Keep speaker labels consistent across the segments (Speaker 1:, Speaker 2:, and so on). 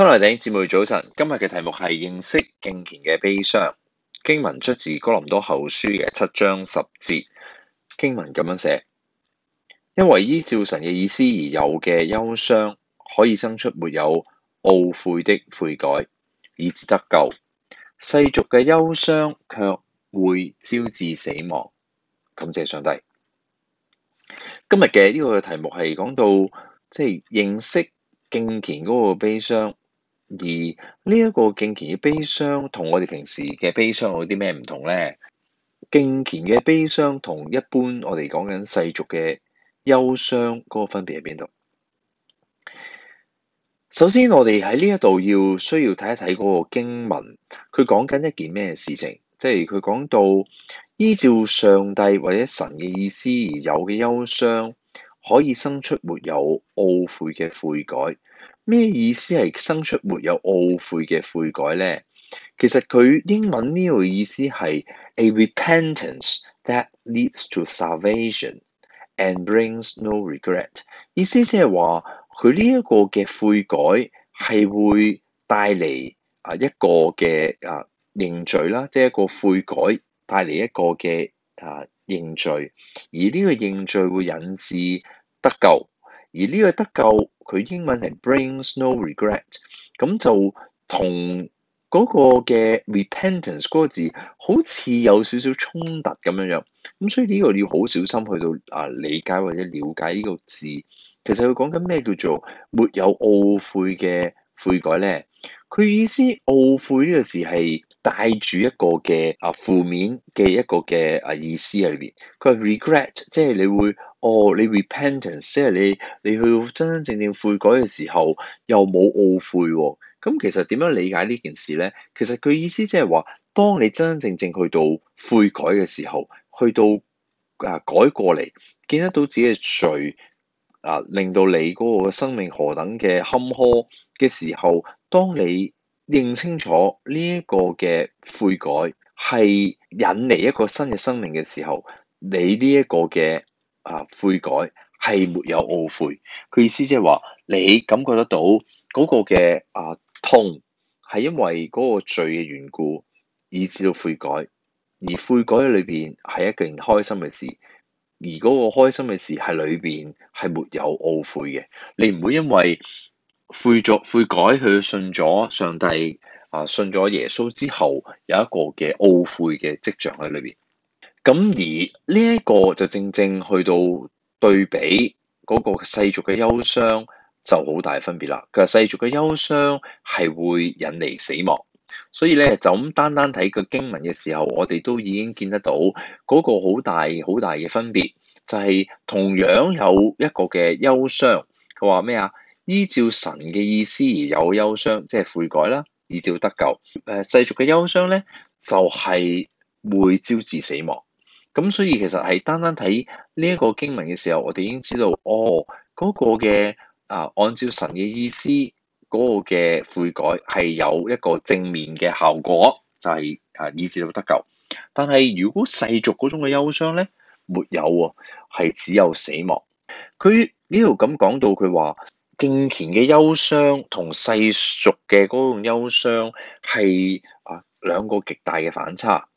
Speaker 1: 親愛的姊妹早晨，今日嘅題目係認識敬虔嘅悲傷。經文出自《哥林多後書》嘅七章十節。經文咁樣寫：因為依照神嘅意思而有嘅憂傷，可以生出沒有懊悔的悔改，以致得救。世俗嘅憂傷卻會招致死亡。感謝上帝。今日嘅呢個嘅題目係講到，即係認識敬虔嗰個悲傷。而呢一個敬虔嘅悲傷，同我哋平時嘅悲傷有啲咩唔同呢？敬虔嘅悲傷同一般我哋講緊世俗嘅憂傷嗰個分別喺邊度？首先，我哋喺呢一度要需要睇一睇嗰個經文，佢講緊一件咩事情？即係佢講到依照上帝或者神嘅意思而有嘅憂傷，可以生出沒有懊悔嘅悔改。咩意思係生出沒有懊悔嘅悔改咧？其實佢英文呢個意思係 A repentance that leads to salvation and brings no regret。意思即係話佢呢一個嘅悔改係會帶嚟啊一個嘅啊認罪啦，即係一個悔改帶嚟一個嘅啊認罪，而呢個認罪會引致得救。而呢個得救佢英文係 brings no regret，咁就同嗰個嘅 repentance 嗰個字好似有少少衝突咁樣樣，咁所以呢個你要好小心去到啊理解或者了解呢個字，其實佢講緊咩叫做沒有懊悔嘅悔改咧？佢意思懊悔呢個字係。帶住一個嘅啊負面嘅一個嘅啊意思喺裏邊，佢係 regret，即係你會哦，你 repentance，即係你你去真真正正悔改嘅時候，又冇懊悔喎、哦。咁、嗯、其實點樣理解呢件事咧？其實佢意思即係話，當你真真正正去到悔改嘅時候，去到啊改過嚟，見得到自己嘅罪啊，令到你嗰個生命何等嘅坎坷嘅時候，當你。認清楚呢一個嘅悔改係引嚟一個新嘅生命嘅時候，你呢一個嘅啊悔改係沒有懊悔。佢意思即係話你感覺得到嗰個嘅啊痛係因為嗰個罪嘅緣故，以至到悔改，而悔改喺裏邊係一件開心嘅事，而嗰個開心嘅事係裏邊係沒有懊悔嘅，你唔會因為。悔咗悔改，去信咗上帝啊，信咗耶穌之後有一個嘅懊悔嘅跡象喺裏邊。咁而呢一個就正正去到對比嗰、那個世俗嘅憂傷就好大分別啦。佢話世俗嘅憂傷係會引嚟死亡，所以咧就咁單單睇個經文嘅時候，我哋都已經見得到嗰個好大好大嘅分別。就係、是、同樣有一個嘅憂傷，佢話咩啊？依照神嘅意思而有憂傷，即係悔改啦，以照得救。誒，世俗嘅憂傷咧，就係、是、會招致死亡。咁所以其實係單單睇呢一個經文嘅時候，我哋已經知道，哦，嗰、那個嘅啊，按照神嘅意思，嗰、那個嘅悔改係有一個正面嘅效果，就係啊，以致到得救。但係如果世俗嗰種嘅憂傷咧，沒有喎，係只有死亡。佢呢度咁講到佢話。敬虔嘅憂傷同世俗嘅嗰種憂傷係啊兩個極大嘅反差。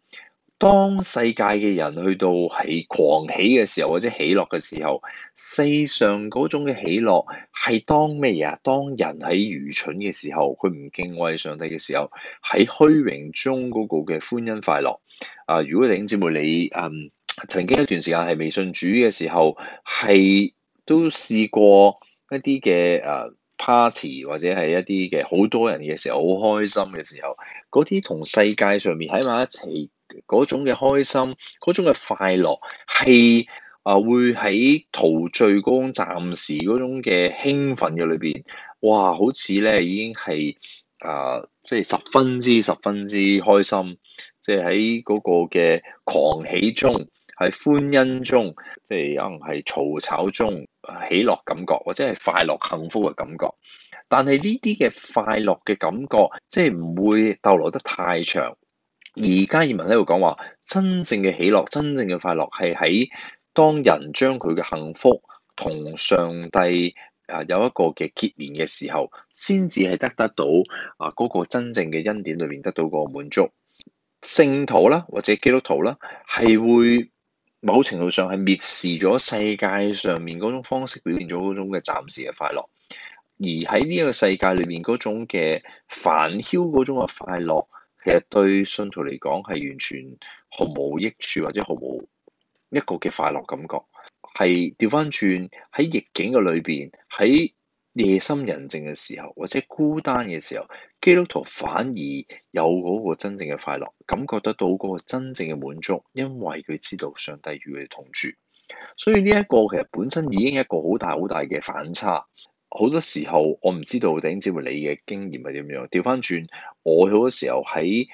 Speaker 1: 當世界嘅人去到係狂喜嘅時候，或者喜樂嘅時候，世上嗰種嘅喜樂係當咩嘢？當人喺愚蠢嘅時候，佢唔敬畏上帝嘅時候，喺虛榮中嗰個嘅歡欣快樂啊！如果弟兄姊妹你嗯曾經一段時間係未信主嘅時候，係都試過。一啲嘅誒 party 或者係一啲嘅好多人嘅時候，好開心嘅時候，嗰啲同世界上面喺埋一齊嗰種嘅開心，嗰種嘅快樂係啊，會喺陶醉嗰種暫時嗰種嘅興奮嘅裏邊哇！好似咧已經係啊，即係十分之十分之開心，即係喺嗰個嘅狂喜中。係歡欣中，即係可能係嘈吵中，喜樂感覺，或者係快樂、幸福嘅感覺。但係呢啲嘅快樂嘅感覺，即係唔會逗留得太長。而加爾文喺度講話，真正嘅喜樂、真正嘅快樂，係喺當人將佢嘅幸福同上帝啊有一個嘅結連嘅時候，先至係得得到啊嗰個真正嘅恩典裏面得到個滿足。聖徒啦，或者基督徒啦，係會。某程度上係蔑視咗世界上面嗰種方式表現咗嗰種嘅暫時嘅快樂，而喺呢個世界裏面嗰種嘅煩囂嗰種嘅快樂，其實對信徒嚟講係完全毫無益處，或者毫無一個嘅快樂感覺，係調翻轉喺逆境嘅裏邊喺。夜深人靜嘅時候，或者孤單嘅時候，基督徒反而有嗰個真正嘅快樂，感覺得到嗰個真正嘅滿足，因為佢知道上帝與佢同住。所以呢一個其實本身已經係一個好大好大嘅反差。好多時候我唔知道頂只會你嘅經驗係點樣。掉返轉，我好多時候喺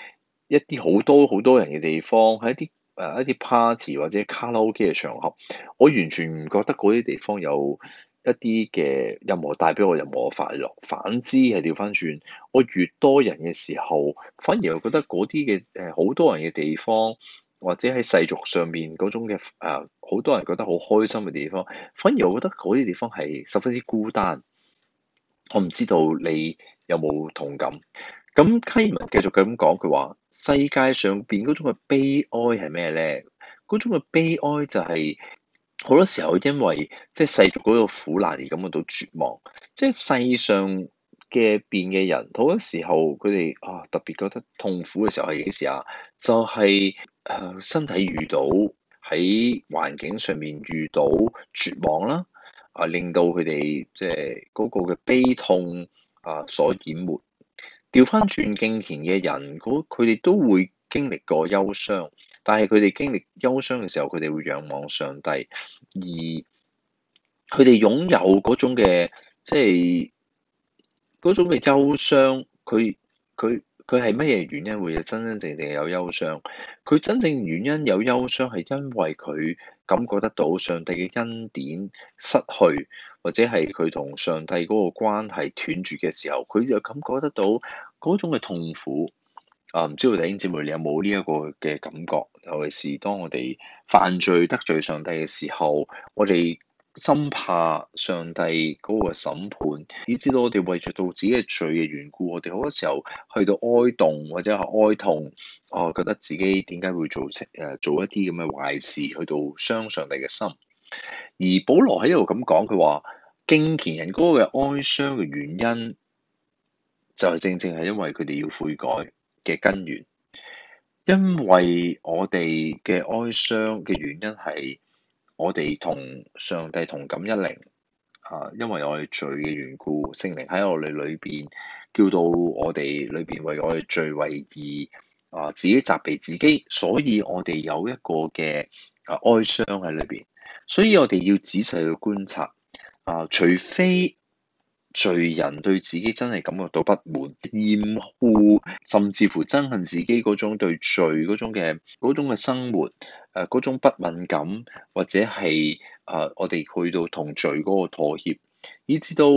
Speaker 1: 一啲好多好多人嘅地方，喺一啲誒一啲 party 或者卡拉 OK 嘅場合，我完全唔覺得嗰啲地方有。一啲嘅任何帶俾我任何嘅快樂，反之係調翻轉。我越多人嘅時候，反而我覺得嗰啲嘅，誒好多人嘅地方，或者喺世俗上面嗰種嘅誒好多人覺得好開心嘅地方，反而我覺得嗰啲地方係十分之孤單。我唔知道你有冇同感。咁卡文繼續咁講，佢話世界上邊嗰種嘅悲哀係咩咧？嗰種嘅悲哀就係、是。好多時候因為即係世俗嗰個苦難而感覺到絕望，即係世上嘅變嘅人，好多時候佢哋啊特別覺得痛苦嘅時候係幾時啊？就係誒身體遇到喺環境上面遇到絕望啦，啊令到佢哋即係嗰個嘅悲痛啊所淹沒。調翻轉，敬虔嘅人，佢哋都會經歷過憂傷。但係佢哋經歷憂傷嘅時候，佢哋會仰望上帝，而佢哋擁有嗰種嘅，即係嗰種嘅憂傷。佢佢佢係乜嘢原因會真真正正有憂傷？佢真正原因有憂傷，係因為佢感覺得到上帝嘅恩典失去，或者係佢同上帝嗰個關係斷絕嘅時候，佢就感覺得到嗰種嘅痛苦。啊！唔知道弟兄姊妹你有冇呢一個嘅感覺？尤其是當我哋犯罪得罪上帝嘅時候，我哋深怕上帝嗰個審判，以至到我哋為著到自己嘅罪嘅緣故，我哋好多時候去到哀慟或者係哀痛，我、啊、覺得自己點解會做誒做一啲咁嘅壞事，去到傷上帝嘅心。而保羅喺度咁講，佢話敬虔人嗰個嘅哀傷嘅原因，就係、是、正正係因為佢哋要悔改。嘅根源，因為我哋嘅哀傷嘅原因係我哋同上帝同感一靈啊，因為我哋罪嘅緣故，聖靈喺我哋裏邊叫到我哋裏邊為我哋罪為義啊自己責備自己，所以我哋有一個嘅啊哀傷喺裏邊，所以我哋要仔細去觀察啊，除非。罪人對自己真係感覺到不滿、厭惡，甚至乎憎恨自己嗰種對罪嗰種嘅嗰種嘅生活，誒嗰種不敏感，或者係誒、啊、我哋去到同罪嗰個妥協，以至到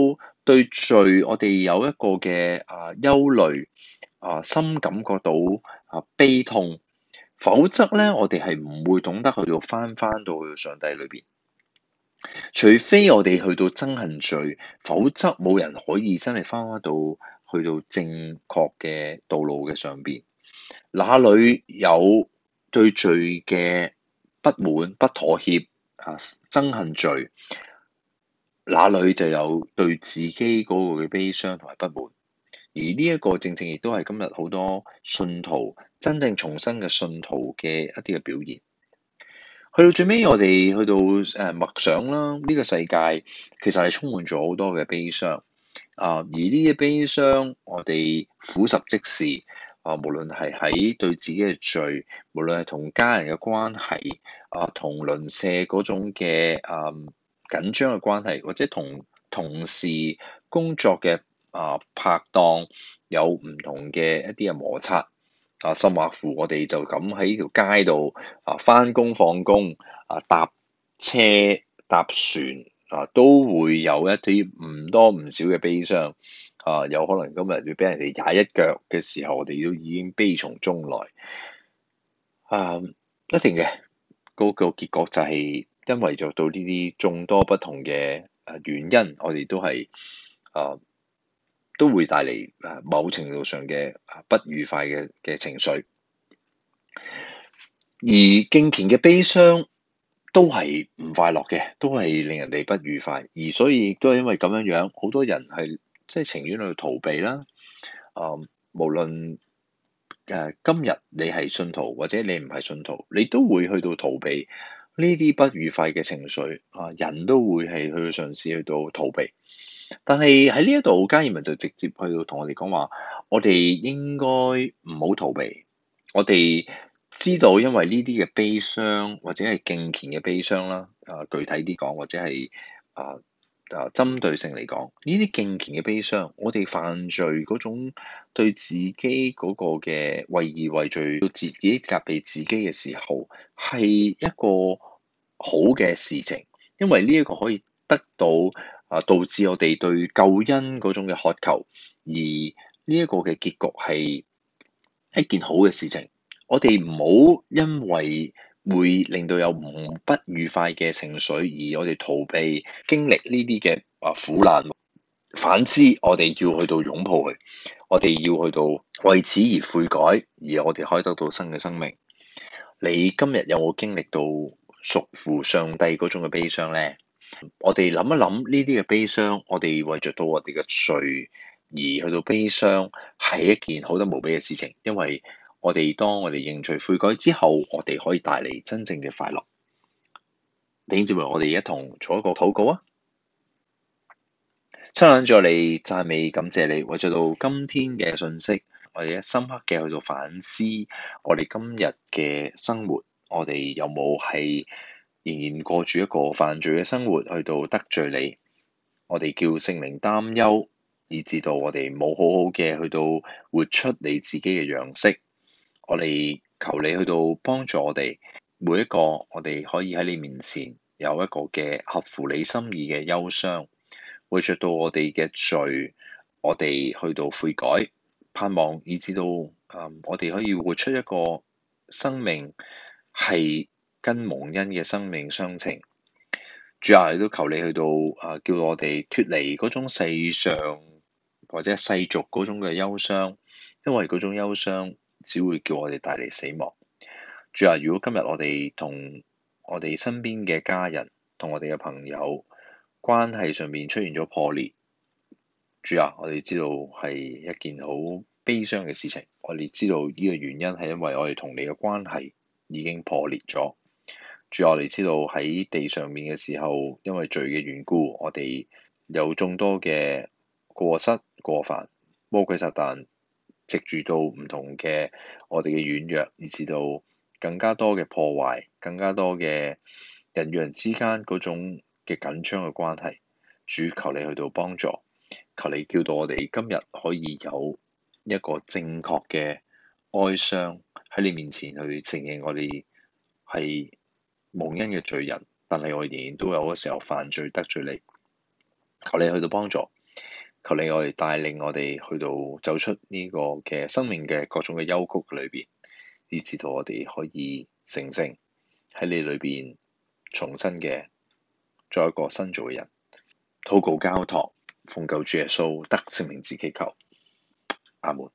Speaker 1: 對罪我哋有一個嘅啊憂慮，啊深感覺到啊悲痛，否則咧我哋係唔會懂得去到返返到去上帝裏邊。除非我哋去到憎恨罪，否則冇人可以真係翻返到去到正確嘅道路嘅上面。哪裏有對罪嘅不滿、不妥協啊，憎恨罪，哪裏就有對自己嗰個嘅悲傷同埋不滿。而呢一個正正亦都係今日好多信徒真正重生嘅信徒嘅一啲嘅表現。到去到最尾，我哋去到誒默想啦，呢、這個世界其實係充滿咗好多嘅悲傷啊、呃！而呢啲悲傷，我哋俯拾即是啊、呃，無論係喺對自己嘅罪，無論係同家人嘅關係啊，同鄰舍嗰種嘅誒、呃、緊張嘅關係，或者同同事工作嘅啊、呃、拍檔有唔同嘅一啲嘅摩擦。啊，甚至乎，我哋就咁喺條街度啊，返工放工啊，搭車搭船啊，都會有一啲唔多唔少嘅悲傷啊，有可能今日要俾人哋踩一腳嘅時候，我哋都已經悲從中來啊，一定嘅嗰個結局就係因為做到呢啲眾多不同嘅誒原因，我哋都係啊。都會帶嚟啊某程度上嘅不愉快嘅嘅情緒，而敬虔嘅悲傷都係唔快樂嘅，都係令人哋不愉快，而所以都係因為咁樣樣，好多人係即係情願去逃避啦。啊、呃，無論誒、呃、今日你係信徒或者你唔係信徒，你都會去到逃避呢啲不愉快嘅情緒啊、呃，人都會係去嘗試去到逃避。但係喺呢一度，加爾文就直接去到同我哋講話，我哋應該唔好逃避。我哋知道，因為呢啲嘅悲傷或者係敬虔嘅悲傷啦。啊，具體啲講，或者係啊啊針對性嚟講，呢啲敬虔嘅悲傷，我哋犯罪嗰種對自己嗰個嘅畏而畏罪，到自己責備自己嘅時候，係一個好嘅事情，因為呢一個可以得到。啊！導致我哋對救恩嗰種嘅渴求，而呢一個嘅結局係一件好嘅事情。我哋唔好因為會令到有唔不愉快嘅情緒，而我哋逃避經歷呢啲嘅啊苦難。反之，我哋要去到擁抱佢，我哋要去到為此而悔改，而我哋可以得到新嘅生命。你今日有冇經歷到屬乎上帝嗰種嘅悲傷咧？我哋諗一諗呢啲嘅悲傷，我哋為著到我哋嘅罪而去到悲傷，係一件好得無比嘅事情，因為我哋當我哋認罪悔改之後，我哋可以帶嚟真正嘅快樂。弟兄姊妹，我哋一同做一個禱告啊！親近主，你讚美感謝你，為著到今天嘅信息，我哋一深刻嘅去到反思，我哋今日嘅生活，我哋有冇係仍然過住一個犯罪嘅生活，去到得罪你，我哋叫聖靈擔憂，以致到我哋冇好好嘅去到活出你自己嘅樣式。我哋求你去到幫助我哋每一個，我哋可以喺你面前有一個嘅合乎你心意嘅憂傷，會着到我哋嘅罪，我哋去到悔改，盼望以致到、嗯、我哋可以活出一個生命係。跟蒙恩嘅生命相情，主啊，亦都求你去到啊，叫我哋脫離嗰種世上或者世俗嗰種嘅憂傷，因為嗰種憂傷只會叫我哋帶嚟死亡。主啊，如果今日我哋同我哋身邊嘅家人同我哋嘅朋友關係上面出現咗破裂，主啊，我哋知道係一件好悲傷嘅事情。我哋知道呢個原因係因為我哋同你嘅關係已經破裂咗。主，我哋知道喺地上面嘅時候，因為罪嘅緣故，我哋有眾多嘅過失過犯，魔鬼撒旦藉住，到唔同嘅我哋嘅軟弱，以至到更加多嘅破壞，更加多嘅人與人之間嗰種嘅緊張嘅關係，主，求你去到幫助，求你叫到我哋今日可以有一個正確嘅哀傷喺你面前去承認我哋係。蒙恩嘅罪人，但係我仍然都有嗰時候犯罪得罪你，求你去到幫助，求你我哋帶領我哋去到走出呢個嘅生命嘅各種嘅幽谷裏邊，以致到我哋可以成聖喺你裏邊重新嘅再一個新造嘅人，禱告交托奉救主耶穌得聖靈字祈求阿門